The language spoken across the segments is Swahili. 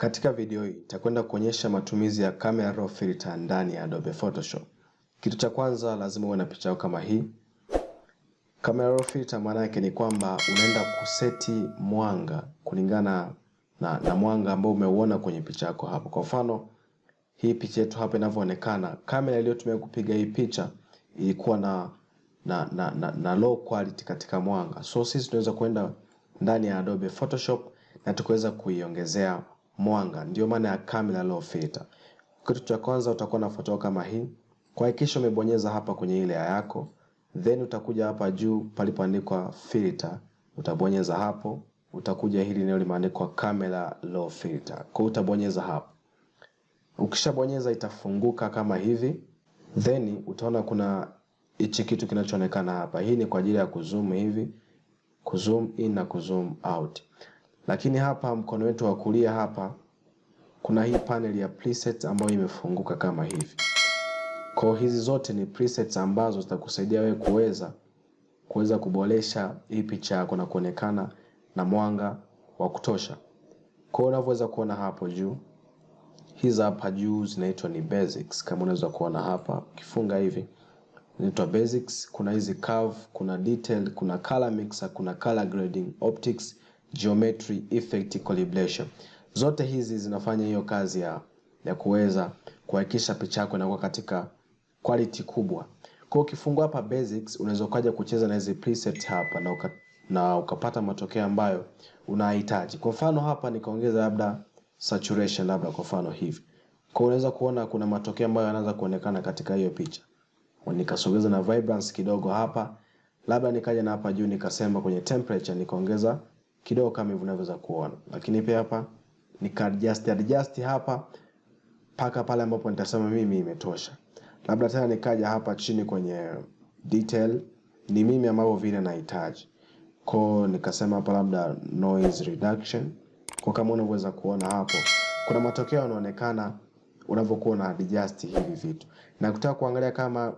Katika video hii nitakwenda kuonyesha matumizi ya camera raw filter ndani ya Adobe Photoshop. Kitu cha kwanza lazima uwe na picha yako kama hii. Camera raw filter maana yake ni kwamba unaenda kuseti mwanga kulingana na, na mwanga ambao umeuona kwenye picha yako hapo. Kwa mfano, hii picha yetu hapa inavyoonekana, kamera iliyotumia kupiga hii picha ilikuwa na na, na, na na low quality katika mwanga. So sisi tunaweza kwenda ndani ya Adobe Photoshop na tukaweza kuiongezea mwanga, ndio maana ya camera low filter. Kitu cha kwanza utakuwa na photo kama hii, kwa hakikisha umebonyeza hapa kwenye ile ya yako, then utakuja hapa juu palipoandikwa filter, utabonyeza hapo, utakuja hili neno limeandikwa camera low filter, kwa utabonyeza hapo. Ukishabonyeza itafunguka kama hivi, then utaona kuna hichi kitu kinachoonekana hapa. Hii ni kwa ajili ya kuzoom hivi, kuzoom in na kuzoom out. Lakini hapa mkono wetu wa kulia hapa kuna hii panel ya presets ambayo imefunguka kama hivi. Kwa hizi zote ni presets ambazo zitakusaidia wewe kuweza kuweza kuboresha hii picha yako na kuonekana na mwanga wa kutosha. Kwa unavyoweza kuona hapo juu, hizi hapa juu zinaitwa ni basics, kama unaweza kuona hapa, ukifunga hivi zinaitwa basics. Kuna hizi curve, kuna detail, kuna color mixer, kuna color grading, optics geometry effect calibration. Zote hizi zinafanya hiyo kazi ya, ya kuweza kuhakikisha picha yako inakuwa katika quality kubwa. Kwa ukifungua hapa basics, unaweza ukaja kucheza na hizi preset hapa na, uka, na ukapata matokeo ambayo unahitaji. Kwa mfano hapa nikaongeza labda saturation labda kwa mfano hivi. Kwa unaweza kuona kuna matokeo ambayo yanaanza kuonekana katika hiyo picha. Nikasogeza na vibrance kidogo hapa, labda nikaja na hapa juu nikasema kwenye temperature nikaongeza kidogo kama hivi unavyoweza kuona, lakini pia hapa nika adjust adjust hapa paka pale ambapo nitasema mimi imetosha. Labda tena nikaja hapa chini kwenye detail, ni mimi ambavyo vile nahitaji Kwa nikasema hapa labda noise reduction. Kwa kama unavyoweza kuona hapo, kuna matokeo yanaonekana unavyokuwa na adjust hivi vitu, na kutaka kuangalia kama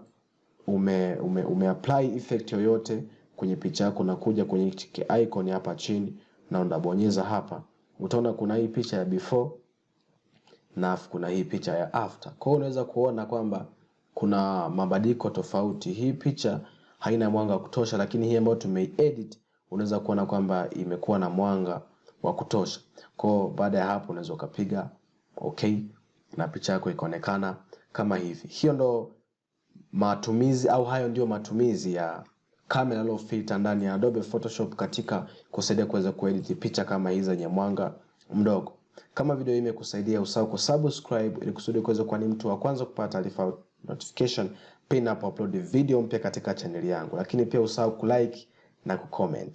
ume, ume, ume apply effect yoyote kwenye picha yako na kuja kwenye ki icon hapa chini na unabonyeza hapa, utaona kuna hii picha ya before na kuna hii picha ya after. Kwa hiyo unaweza kuona kwamba kuna mabadiliko tofauti. Hii picha haina mwanga wa kutosha, lakini hii ambayo tumeiedit unaweza kuona kwamba imekuwa na mwanga wa kutosha. Kwa baada ya hapo unaweza ukapiga okay na picha yako ikaonekana kama hivi. Hiyo ndo matumizi au hayo ndio matumizi ya camera raw filter ndani ya Adobe Photoshop katika kusaidia kuweza kuedit picha kama hizi zenye mwanga mdogo. Kama video hii imekusaidia, usahau kusubscribe ili kusudi kuweza kuwa ni mtu wa kwanza kupata taarifa notification pindi napo upload video mpya katika chaneli yangu, lakini pia usahau kulike na kucomment.